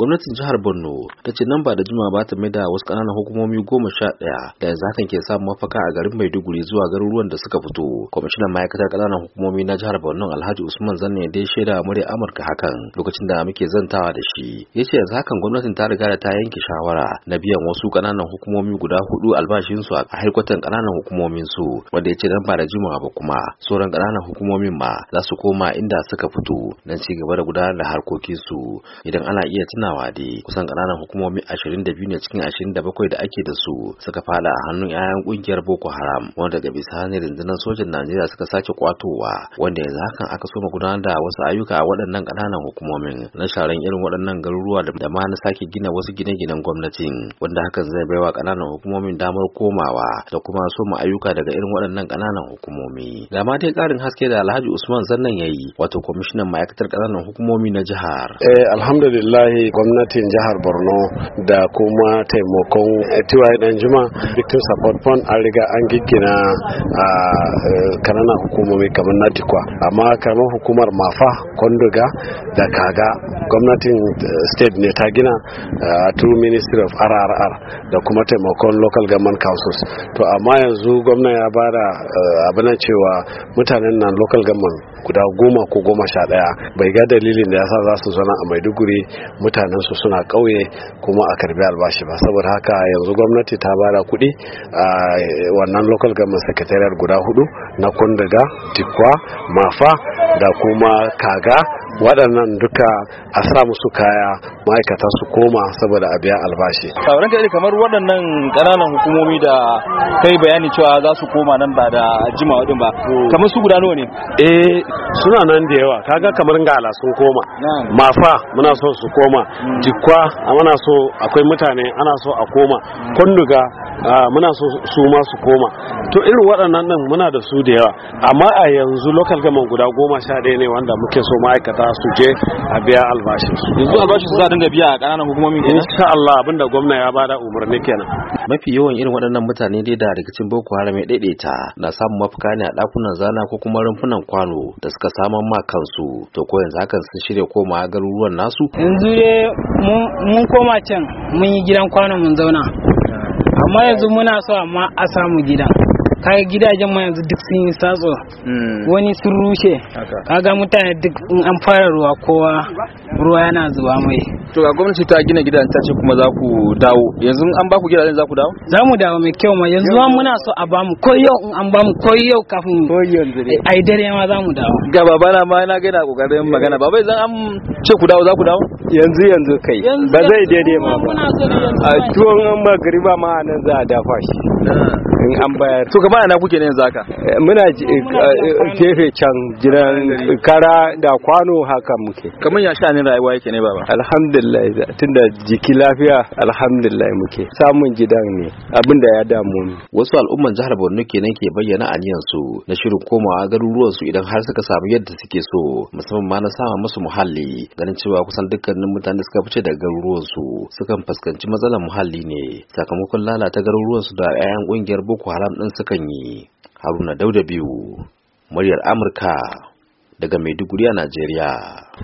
gwamnatin jihar borno ta ce nan ba da juma ba ta mai da wasu kananan hukumomi goma sha ɗaya da yanzu hakan ke samun mafaka a garin maiduguri zuwa garuruwan da suka fito kwamishinan ma'aikatar ƙananan hukumomi na jihar borno alhaji usman zanne dai shaida murya amurka hakan lokacin da muke zantawa da shi ya ce yanzu hakan gwamnatin ta riga da ta yanke shawara na biyan wasu kananan hukumomi guda hudu albashinsu a harkwatan kananan hukumomin su wanda ya ce nan ba da juma ba kuma sauran kananan hukumomin ma za su koma inda suka fito don ci gaba da gudanar da harkokinsu idan ana iya tuna tunawa dai kusan ƙananan hukumomi 22 ne cikin 27 da ake da su suka fada a hannun 'ya'yan ƙungiyar Boko Haram wanda daga bisani rundunar sojan Najeriya suka sake kwatowa wanda yanzu hakan aka so gudanar da wasu ayyuka a waɗannan ƙananan hukumomin na sharan irin waɗannan garuruwa da ma na sake gina wasu gine-ginen gwamnatin wanda hakan zai baiwa ƙananan hukumomin damar komawa da kuma soma ayyuka daga irin waɗannan ƙananan hukumomi. Ga ma dai ƙarin haske da Alhaji Usman Zannan ya yi wato kwamishinan ma'aikatar ƙananan hukumomi na jihar. Eh alhamdulillah gwamnatin jihar borno da kuma taimakon tiwaye dan juma victim support fund an riga an giggina a eh, kananan hukumomi kamar natikwa amma kamar hukumar mafa kwanduga da kaga gwamnatin eh, state ne ta gina eh, through ministry of rrr da kuma taimakon local government councils to amma yanzu gwamna ya bada abinan cewa mutanen nan local government guda goma ko goma sha daya bai ga dalilin da ya yasa za su zana a maiduguri mutane mutanen suna ƙauye kuma a karbi albashi ba saboda haka yanzu gwamnati ta bada kuɗi a wannan local government secretariat guda hudu na kundaga tikwa mafa da kuma kaga waɗannan duka a sa musu kaya ma'aikata su koma saboda a biya albashi ranka iri kamar waɗannan ƙananan hukumomi da kai bayani cewa za su koma nan ba da jima waɗin ba kamar su guda nawa ne eh suna nan da yawa kaga kamar gala sun koma mafa muna so su koma hmm. jikwa muna so akwai mutane ana so a koma hmm. kunduga Ah, muna so su ma su koma to irin waɗannan nan muna da su da yawa amma a yanzu local gaman guda goma sha ɗaya ne wanda muke so ma'aikata su je a biya albashin su yanzu albashin su za dinga biya a ƙananan hukumomin kenan insha Allah abinda gwamna ya bada umarni kenan mafi yawan irin waɗannan mutane dai da rikicin Boko Haram ya daidaita na samun mafuka ne a ɗakunan zana ko kuma rumfunan kwano da suka saman ma kansu to ko yanzu hakan sun shirya koma garuruwan nasu yanzu dai mun koma can mun yi gidan kwano mun zauna amma yanzu muna so amma a samu gida kaga gidajen ma yanzu duk sun yi hmm. wani sun rushe kaga mutane duk an fara ruwa kowa ruwa yana zuwa mai to ga gwamnati ta gina gidan ta ce kuma za ku dawo yanzu an ba ku gidajen za ku dawo za mu dawo mai kyau ma yanzu ma muna so a bamu ko yau in an bamu ko yau kafin ko yanzu ne. ai dare ma za mu dawo ga na ma na gina kokarin magana baba idan an ce ku dawo za ku dawo yanzu yanzu kai ba zai daidai ma ba a tuwon an ba gariba ma nan za a dafa shi ah. an bayar to gaba na kuke ne yanzu haka eh, muna eh, eh, kefe can jiran kara da kwano haka muke kamar ya sha rayuwa yake ne baba alhamdulillah tunda jiki lafiya alhamdulillah muke samun gidan ne abinda ya damu mu wasu al'umman jihar Borno kenan ke bayyana aniyan su na shirin komawa garuruwan su idan har suka samu yadda suke so musamman ma na sama musu muhalli ganin cewa kusan dukkanin mutane da suka fice daga garuruwan su sukan fuskanci matsalar muhalli ne sakamakon lalata garuruwan su da 'ya'yan kungiyar boko haram ɗin sukan yi haruna dauda biyu muryar amurka daga maiduguri a najeriya